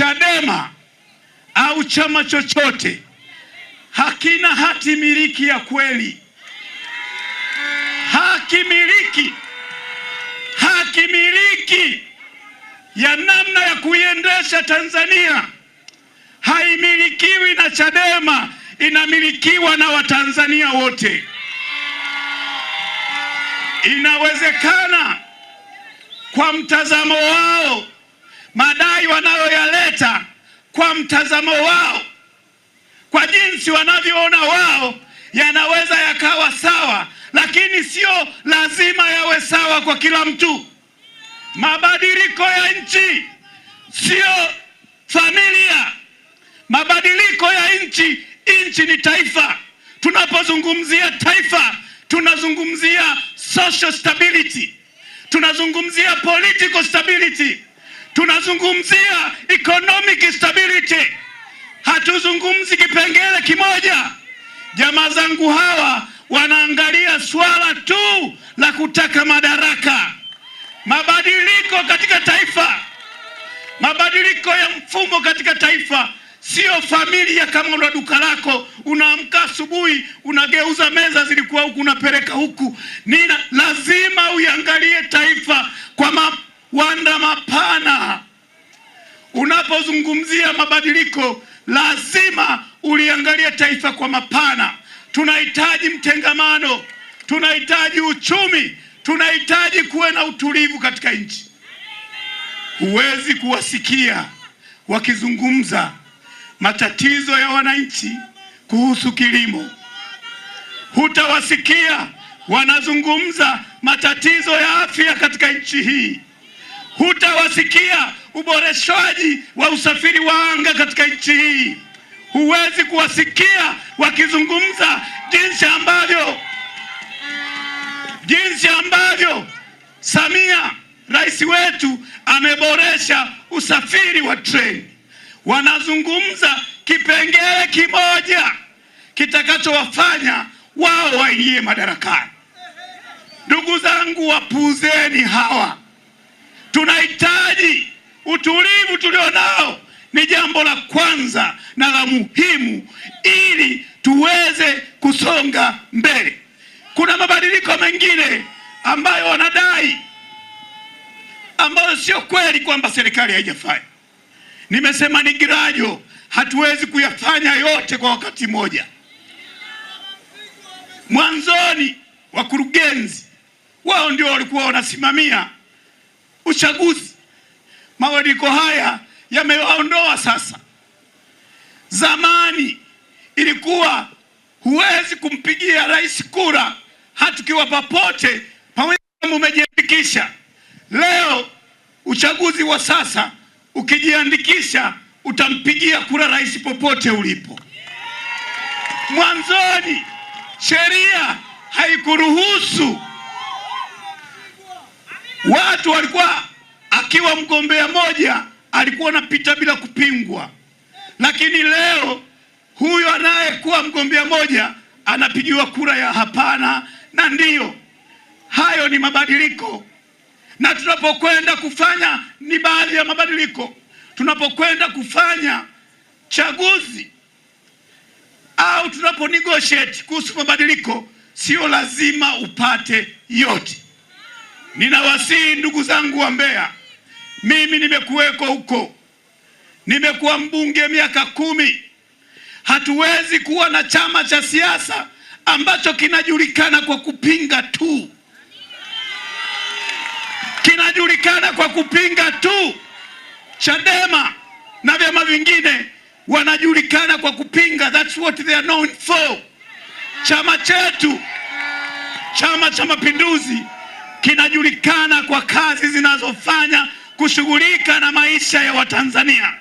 Chadema au chama chochote hakina hati miliki ya kweli. Haki miliki, haki miliki ya namna ya kuiendesha Tanzania haimilikiwi na Chadema, inamilikiwa na Watanzania wote. Inawezekana kwa mtazamo wao madai wanayoyaleta kwa mtazamo wao, kwa jinsi wanavyoona wao, yanaweza yakawa sawa, lakini sio lazima yawe sawa kwa kila mtu. Mabadiliko ya nchi sio familia. Mabadiliko ya nchi, nchi ni taifa. Tunapozungumzia taifa, tunazungumzia social stability, tunazungumzia political stability tunazungumzia economic stability, hatuzungumzi kipengele kimoja. Jamaa zangu hawa wanaangalia swala tu la kutaka madaraka. Mabadiliko katika taifa, mabadiliko ya mfumo katika taifa Sio familia kama una duka lako, unaamka asubuhi unageuza meza zilikuwa huku unapeleka huku, ni lazima unapozungumzia mabadiliko lazima uliangalia taifa kwa mapana. Tunahitaji mtengamano, tunahitaji uchumi, tunahitaji kuwe na utulivu katika nchi. Huwezi kuwasikia wakizungumza matatizo ya wananchi kuhusu kilimo, hutawasikia wanazungumza matatizo ya afya katika nchi hii, hutawasikia uboreshaji wa usafiri wa anga katika nchi hii. Huwezi kuwasikia wakizungumza jinsi ambavyo jinsi ambavyo Samia rais wetu ameboresha usafiri wa treni. Wanazungumza kipengele kimoja kitakachowafanya wao waingie madarakani. Ndugu zangu, wapuuzeni hawa, tunaita Utulivu tulio nao ni jambo la kwanza na la muhimu ili tuweze kusonga mbele. Kuna mabadiliko mengine ambayo wanadai ambayo sio kweli kwamba serikali haijafanya. Nimesema ni girajo, hatuwezi kuyafanya yote kwa wakati mmoja. Mwanzoni wakurugenzi wao ndio walikuwa wanasimamia uchaguzi mawadiko haya yamewaondoa sasa. Zamani ilikuwa huwezi kumpigia rais kura hatukiwa popote, pamoja umejiandikisha. Leo uchaguzi wa sasa, ukijiandikisha utampigia kura rais popote ulipo. Mwanzoni sheria haikuruhusu, watu walikuwa akiwa mgombea moja alikuwa anapita bila kupingwa, lakini leo huyo anayekuwa mgombea moja anapigiwa kura ya hapana na ndiyo. Hayo ni mabadiliko, na tunapokwenda kufanya ni baadhi ya mabadiliko. Tunapokwenda kufanya chaguzi au tunapo negotiate kuhusu mabadiliko, sio lazima upate yote. Ninawasihi ndugu zangu wa Mbeya. Mimi nimekuweko huko, nimekuwa mbunge miaka kumi. Hatuwezi kuwa na chama cha siasa ambacho kinajulikana kwa kupinga tu, kinajulikana kwa kupinga tu. Chadema na vyama vingine wanajulikana kwa kupinga, that's what they are known for. Chama chetu Chama cha Mapinduzi kinajulikana kwa kazi zinazofanya kushughulika na maisha ya Watanzania.